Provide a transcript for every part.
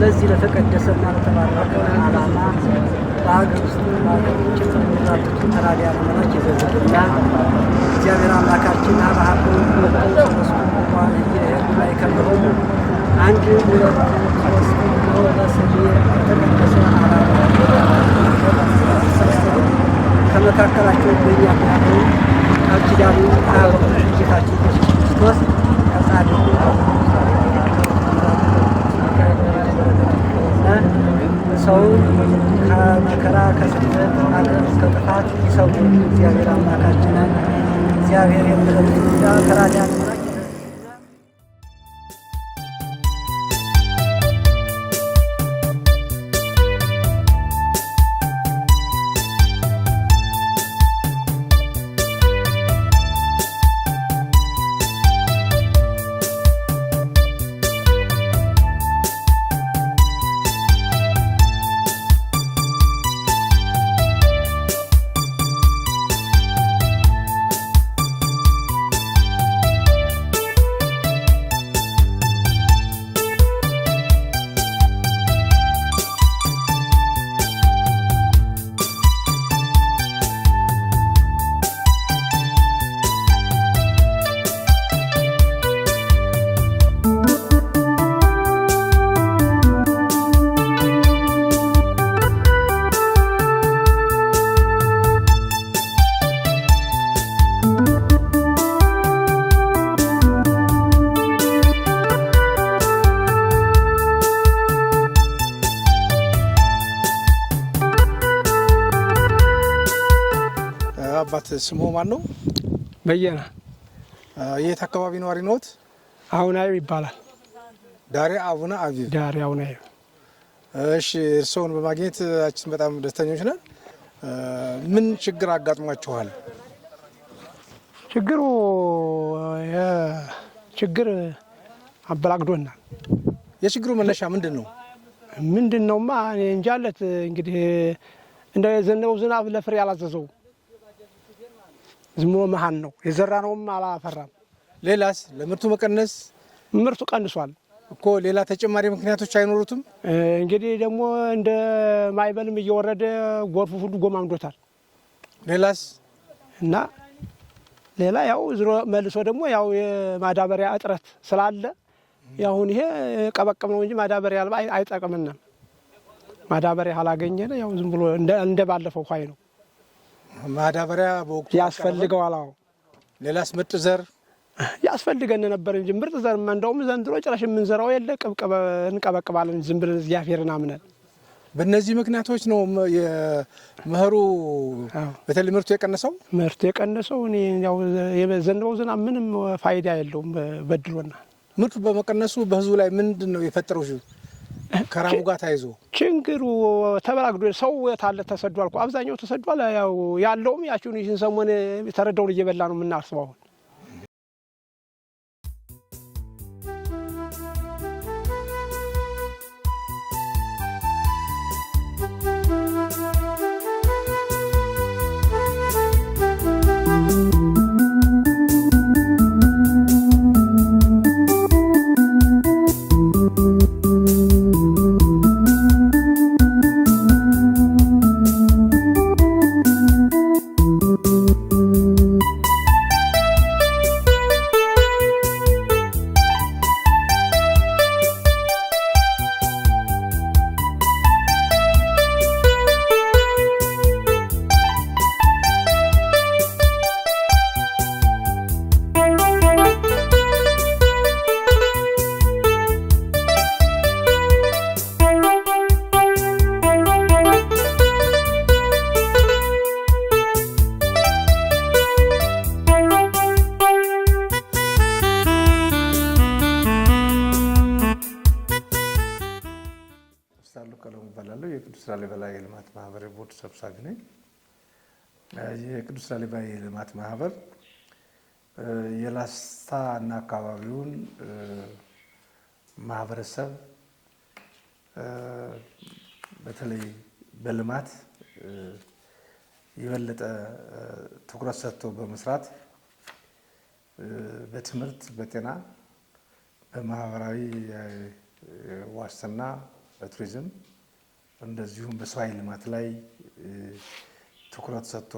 ለዚህ ለተቀደሰና ለተባረከ ዓላማ በሀገር ውስጥ በሀገር ውጭ የሚራቱት ተራዲያ ምኖች የዘዝግና እግዚአብሔር አምላካችን አባሀብ ወስጡ እየሄዱ ላይ ከብሮ አንድ ሁለት ሶስት ለስሜ ተቀደሰ ዓላማ ከመካከላቸው ይገኛል ያለው ቃል ኪዳኑ አያወቅሽ ጌታችን ኢየሱስ ክርስቶስ ከጻድቁ ሰውን ከመከራ ከስደት አገር ከጥፋት ይሰው እግዚአብሔር አምላካችንን እግዚአብሔር የምረት ይሁዳ ስሙ ማን ነው? በየነ። የት አካባቢ ነዋሪ ነዎት? አቡነ አብ ይባላል። ዳሪያ አቡነ አብ። ዳሪያ አቡነ አብ። እሺ፣ እርስዎን በማግኘታችን በጣም ደስተኞች ነን። ምን ችግር አጋጥሟችኋል? ችግሩ ችግር አበላግዶናል። የችግሩ መነሻ ምንድን ነው? ምንድን ነውማ እንጃለት እንግዲህ እንደ ዘነበው ዝናብ ለፍሬ አላዘዘው ዝሞ መሀን ነው የዘራነውም አላፈራም። ሌላስ ለምርቱ መቀነስ ምርቱ ቀንሷል እኮ ሌላ ተጨማሪ ምክንያቶች አይኖሩትም። እንግዲህ ደግሞ እንደ ማይበልም እየወረደ ጎርፉ ሁሉ ጎማምዶታል። ሌላስ እና ሌላ ያው ዝሮ መልሶ ደግሞ ያው የማዳበሪያ እጥረት ስላለ ያሁን ይሄ ቀበቀብ ነው እንጂ ማዳበሪያ አልባ አይጠቅምንም። ማዳበሪያ አላገኘን ያው ዝም ብሎ እንደ ባለፈው ኳይ ነው። ማዳበሪያ በወቅቱ ያስፈልገዋል። አዎ ሌላስ ምርጥ ዘር ያስፈልገን ነበር እንጂ ምርጥ ዘር እንደውም ዘንድሮ ጭራሽ የምንዘራው የለ ቅብቅበ እንቀበቅባለን ዝም ብለን እግዚአብሔርን አምነን። በእነዚህ ምክንያቶች ነው መኸሩ በተለይ ምርቱ የቀነሰው ምርቱ የቀነሰው እኔ ዘንድሮ ዝናብ ምንም ፋይዳ የለውም በድሎና ምርቱ በመቀነሱ በህዝቡ ላይ ምንድን ነው የፈጠረው? ከራቡ ጋር ታይዞ ችግሩ ተበላግዶ ሰው ታለ ተሰዷል አብዛኛው ተሰዷል። ያው ያለውም ያችን ይህን ሰሞን የተረዳውን እየበላ ነው የምናርስበው አሁን ሰብሳቢ ነኝ። የቅዱስ ላሊባ የልማት ማህበር የላስታ እና አካባቢውን ማህበረሰብ በተለይ በልማት የበለጠ ትኩረት ሰጥቶ በመስራት በትምህርት፣ በጤና፣ በማህበራዊ ዋስትና፣ በቱሪዝም እንደዚሁም በሰው ኃይል ልማት ላይ ትኩረት ሰጥቶ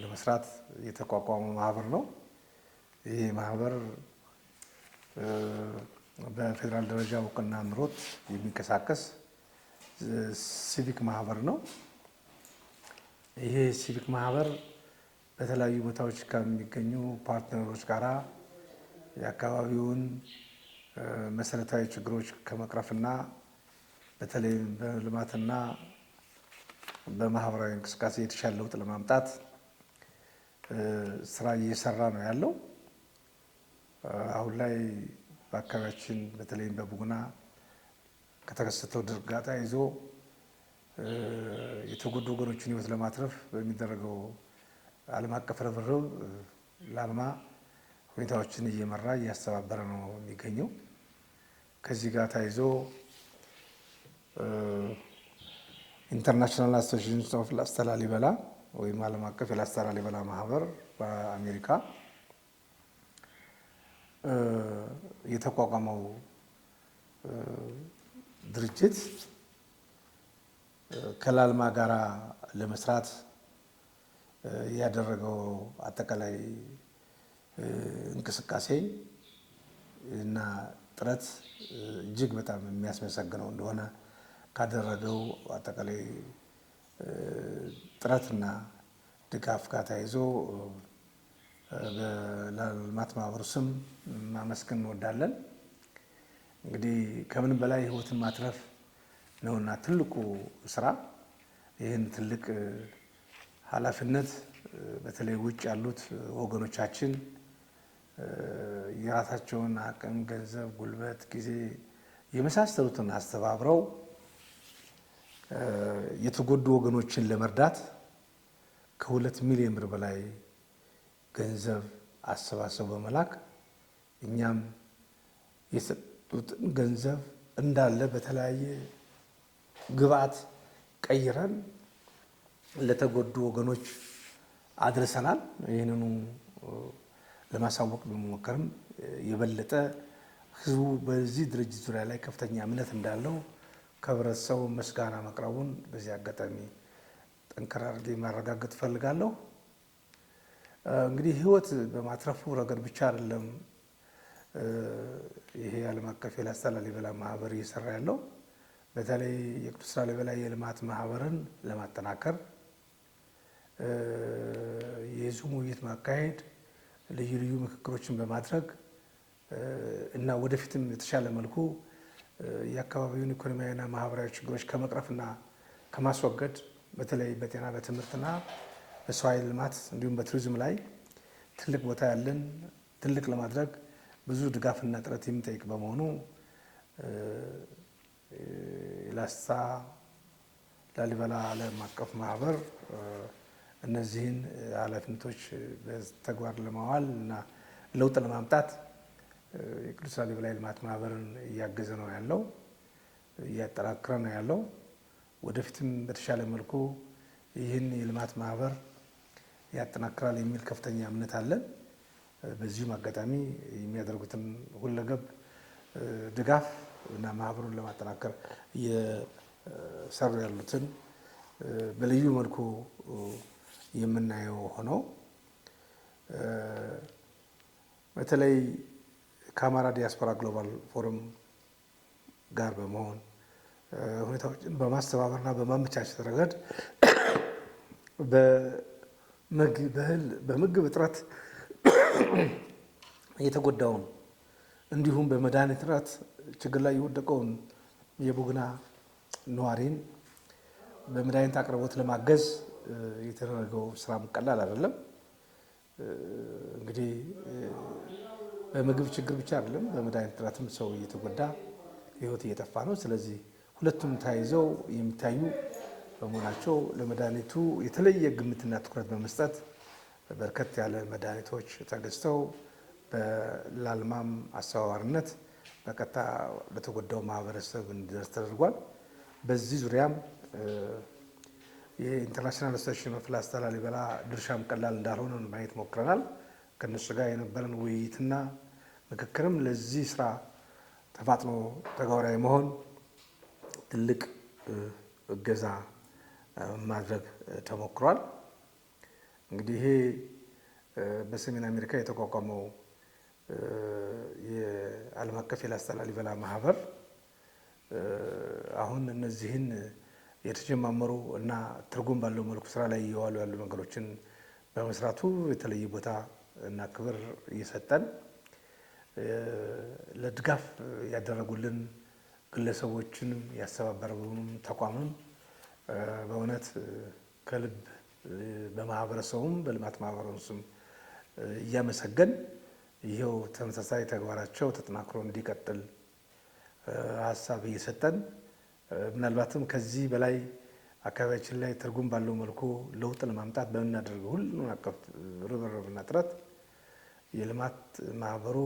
ለመስራት የተቋቋመ ማህበር ነው። ይህ ማህበር በፌዴራል ደረጃ እውቅና ኑሮት የሚንቀሳቀስ ሲቪክ ማህበር ነው። ይሄ ሲቪክ ማህበር በተለያዩ ቦታዎች ከሚገኙ ፓርትነሮች ጋራ የአካባቢውን መሰረታዊ ችግሮች ከመቅረፍና በተለይ በልማትና በማህበራዊ እንቅስቃሴ የተሻለ ለውጥ ለማምጣት ስራ እየሰራ ነው ያለው። አሁን ላይ በአካባቢያችን በተለይም በቡግና ከተከሰተው ድርቅ ጋር ተያይዞ የተጎዱ ወገኖችን ህይወት ለማትረፍ በሚደረገው ዓለም አቀፍ ርብርብ ላልማ ሁኔታዎችን እየመራ እያስተባበረ ነው የሚገኘው። ከዚህ ጋር ተያይዞ ኢንተርናሽናል አሶሲሽን ኦፍ ላስታ ላሊበላ ወይም ዓለም አቀፍ የላስታ ላሊበላ ማህበር በአሜሪካ የተቋቋመው ድርጅት ከላልማ ጋራ ለመስራት ያደረገው አጠቃላይ እንቅስቃሴ እና ጥረት እጅግ በጣም የሚያስመሰግነው እንደሆነ ካደረገው አጠቃላይ ጥረትና ድጋፍ ጋር ተያይዞ ለልማት ማህበሩ ስም ማመስገን እንወዳለን። እንግዲህ ከምንም በላይ ህይወትን ማትረፍ ነውና ትልቁ ስራ ይህን ትልቅ ኃላፊነት በተለይ ውጭ ያሉት ወገኖቻችን የራሳቸውን አቅም፣ ገንዘብ፣ ጉልበት፣ ጊዜ የመሳሰሉትን አስተባብረው የተጎዱ ወገኖችን ለመርዳት ከሁለት ሚሊዮን ብር በላይ ገንዘብ አሰባሰቡ በመላክ እኛም የሰጡትን ገንዘብ እንዳለ በተለያየ ግብአት ቀይረን ለተጎዱ ወገኖች አድርሰናል። ይህንኑ ለማሳወቅ በመሞከርም የበለጠ ህዝቡ በዚህ ድርጅት ዙሪያ ላይ ከፍተኛ እምነት እንዳለው ከህብረተሰቡ ምስጋና መቅረቡን በዚህ አጋጣሚ ጠንከራርጌ ማረጋገጥ ፈልጋለሁ እንግዲህ ህይወት በማትረፉ ረገድ ብቻ አይደለም ይሄ የዓለም አቀፍ የላስታ ላሊበላ ማህበር እየሰራ ያለው በተለይ የቅዱስ ላሊበላ የልማት ማህበርን ለማጠናከር የዙም ውይይት ማካሄድ፣ ልዩ ልዩ ምክክሮችን በማድረግ እና ወደፊትም የተሻለ መልኩ የአካባቢውን ኢኮኖሚያዊና ማህበራዊ ችግሮች ከመቅረፍና ከማስወገድ በተለይ በጤና በትምህርትና በሰው ኃይል ልማት እንዲሁም በቱሪዝም ላይ ትልቅ ቦታ ያለን ትልቅ ለማድረግ ብዙ ድጋፍና ጥረት የሚጠይቅ በመሆኑ ላስታ ላሊበላ ዓለም አቀፍ ማህበር እነዚህን ኃላፊነቶች በተግባር ለማዋል እና ለውጥ ለማምጣት የቅዱስ ላሊበላ ልማት ማህበርን እያገዘ ነው ያለው፣ እያጠናከረ ነው ያለው። ወደፊትም በተሻለ መልኩ ይህን የልማት ማህበር ያጠናክራል የሚል ከፍተኛ እምነት አለን። በዚሁም አጋጣሚ የሚያደርጉትን ሁለገብ ድጋፍ እና ማህበሩን ለማጠናከር እየሰሩ ያሉትን በልዩ መልኩ የምናየው ሆነው በተለይ ከአማራ ዲያስፖራ ግሎባል ፎረም ጋር በመሆን ሁኔታዎችን በማስተባበርና በማመቻቸት ረገድ በእህል በምግብ እጥረት የተጎዳውን እንዲሁም በመድኃኒት እጥረት ችግር ላይ የወደቀውን የቡግና ነዋሪን በመድኃኒት አቅርቦት ለማገዝ የተደረገው ስራም ቀላል አይደለም። እንግዲህ በምግብ ችግር ብቻ አይደለም፣ በመድኃኒት ጥረትም ሰው እየተጎዳ ህይወት እየጠፋ ነው። ስለዚህ ሁለቱም ተያይዘው የሚታዩ በመሆናቸው ለመድኃኒቱ የተለየ ግምትና ትኩረት በመስጠት በርከት ያለ መድኃኒቶች ተገዝተው በላልማም አስተባባሪነት በቀጥታ በተጎዳው ማህበረሰብ እንዲደርስ ተደርጓል። በዚህ ዙሪያም የኢንተርናሽናል አሶሲሽን ኦፍ ላስታ ላሊበላ ድርሻም ቀላል እንዳልሆነ ማየት ሞክረናል። ከነሱ ጋር የነበረን ውይይትና ምክክርም ለዚህ ስራ ተፋጥኖ ተግባራዊ መሆን ትልቅ እገዛ ማድረግ ተሞክሯል። እንግዲህ ይሄ በሰሜን አሜሪካ የተቋቋመው የዓለም አቀፍ የላስታ ላሊበላ ማህበር አሁን እነዚህን የተጀማመሩ እና ትርጉም ባለው መልኩ ስራ ላይ እየዋሉ ያሉ ነገሮችን በመስራቱ የተለየ ቦታ እና ክብር እየሰጠን ለድጋፍ ያደረጉልን ግለሰቦችንም ያስተባበሩንም ተቋምም በእውነት ከልብ በማህበረሰቡም በልማት ማህበረሰቡም እያመሰገን ይኸው ተመሳሳይ ተግባራቸው ተጠናክሮ እንዲቀጥል ሀሳብ እየሰጠን ምናልባትም ከዚህ በላይ አካባቢያችን ላይ ትርጉም ባለው መልኩ ለውጥ ለማምጣት በምናደርገው ሁሉን አቀፍ ርብርብና ጥረት የልማት ማህበሩ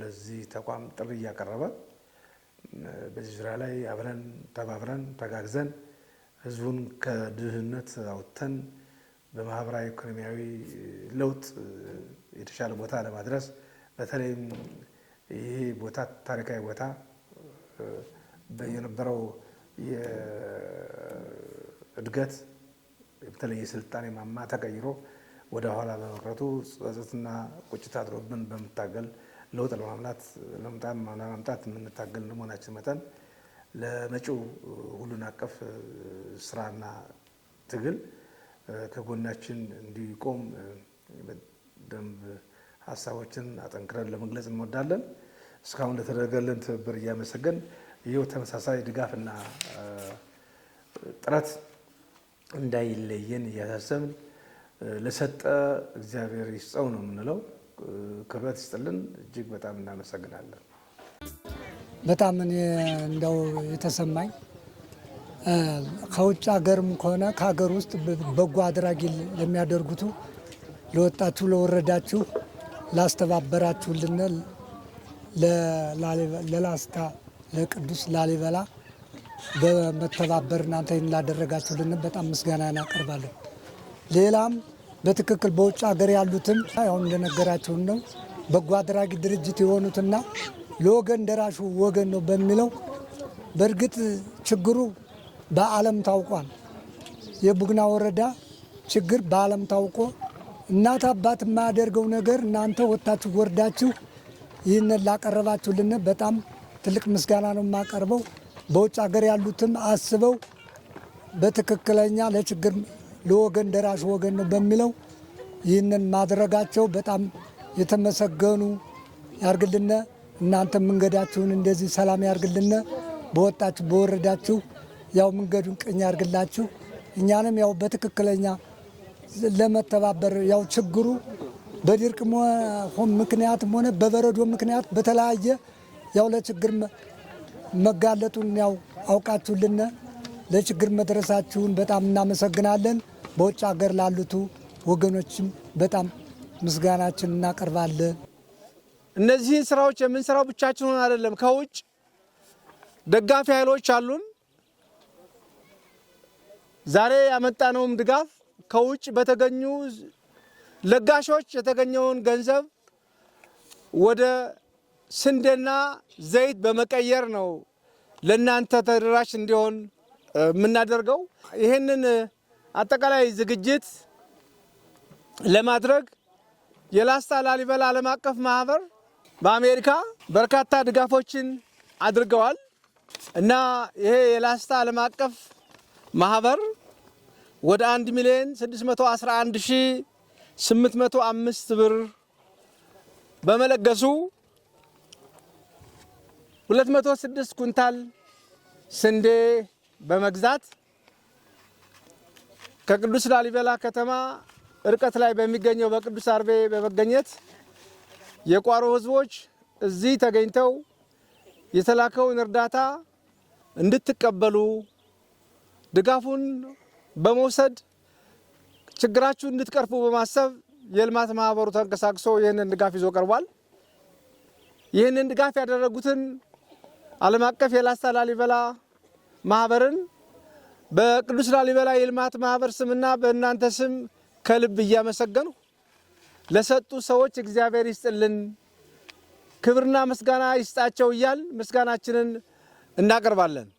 ለዚህ ተቋም ጥሪ እያቀረበ በዚህ ዙሪያ ላይ አብረን ተባብረን ተጋግዘን ህዝቡን ከድህነት አውጥተን በማህበራዊ ኢኮኖሚያዊ ለውጥ የተሻለ ቦታ ለማድረስ በተለይም ይሄ ቦታ ታሪካዊ ቦታ የነበረው እድገት በተለይ ስልጣኔ ማማ ተቀይሮ ወደ ኋላ በመቅረቱ ጸጸትና ቁጭት አድሮብን በምታገል ለውጥ ለማምላት ለማምጣት የምንታገል መሆናችን መጠን ለመጪው ሁሉን አቀፍ ስራና ትግል ከጎናችን እንዲቆም በደንብ ሀሳቦችን አጠንክረን ለመግለጽ እንወዳለን። እስካሁን ለተደረገልን ትብብር እያመሰገን ይህው ተመሳሳይ ድጋፍና ጥረት እንዳይለየን እያሳሰብን ለሰጠ እግዚአብሔር ይስጠው ነው የምንለው። ክብረት ይስጥልን። እጅግ በጣም እናመሰግናለን። በጣም እኔ እንደው የተሰማኝ ከውጭ ሀገርም ከሆነ ከሀገር ውስጥ በጎ አድራጊ ለሚያደርጉቱ ለወጣችሁ፣ ለወረዳችሁ፣ ላስተባበራችሁልን ለላስታ ለቅዱስ ላሊበላ በመተባበር እናንተ ላደረጋችሁልን በጣም ምስጋና እናቀርባለን። ሌላም በትክክል በውጭ ሀገር ያሉትም አሁን እንደነገራችሁን ነው በጎ አድራጊ ድርጅት የሆኑትና ለወገን ደራሹ ወገን ነው በሚለው በእርግጥ ችግሩ በዓለም ታውቋል። የቡግና ወረዳ ችግር በዓለም ታውቆ እናት አባት የማያደርገው ነገር እናንተ ወጥታችሁ ወርዳችሁ ይህንን ላቀረባችሁልን በጣም ትልቅ ምስጋና ነው የማቀርበው። በውጭ ሀገር ያሉትም አስበው በትክክለኛ ለችግር ለወገን ደራሽ ወገን ነው በሚለው ይህንን ማድረጋቸው በጣም የተመሰገኑ ያርግልነ። እናንተ መንገዳችሁን እንደዚህ ሰላም ያርግልነ። በወጣችሁ በወረዳችሁ ያው መንገዱን ቅኝ ያርግላችሁ። እኛንም ያው በትክክለኛ ለመተባበር ያው ችግሩ በድርቅ ምክንያትም ሆነ በበረዶ ምክንያት በተለያየ ያው ለችግር መጋለጡን ያው አውቃችሁልን ለችግር መድረሳችሁን በጣም እናመሰግናለን። በውጭ ሀገር ላሉቱ ወገኖችም በጣም ምስጋናችን እናቀርባለን። እነዚህን ስራዎች የምንሰራው ሆን አይደለም። ከውጭ ደጋፊ ኃይሎች አሉን። ዛሬ ያመጣነውም ድጋፍ ከውጭ በተገኙ ለጋሾች የተገኘውን ገንዘብ ወደ ስንዴና ዘይት በመቀየር ነው ለእናንተ ተደራሽ እንዲሆን የምናደርገው። ይህንን አጠቃላይ ዝግጅት ለማድረግ የላስታ ላሊበላ ዓለም አቀፍ ማህበር በአሜሪካ በርካታ ድጋፎችን አድርገዋል እና ይሄ የላስታ ዓለም አቀፍ ማህበር ወደ 1 ሚሊዮን 611 ሺህ 805 ብር በመለገሱ 206 ኩንታል ስንዴ በመግዛት ከቅዱስ ላሊበላ ከተማ እርቀት ላይ በሚገኘው በቅዱስ አርቤ በመገኘት የቋሮ ህዝቦች እዚህ ተገኝተው የተላከውን እርዳታ እንድትቀበሉ ድጋፉን በመውሰድ ችግራችሁን እንድትቀርፉ በማሰብ የልማት ማህበሩ ተንቀሳቅሶ ይህንን ድጋፍ ይዞ ቀርቧል። ይህንን ድጋፍ ያደረጉትን ዓለም አቀፍ የላስታ ላሊበላ ማህበርን በቅዱስ ላሊበላ የልማት ማህበር ስምና በእናንተ ስም ከልብ እያመሰገኑ ለሰጡ ሰዎች እግዚአብሔር ይስጥልን፣ ክብርና ምስጋና ይስጣቸው እያል ምስጋናችንን እናቀርባለን።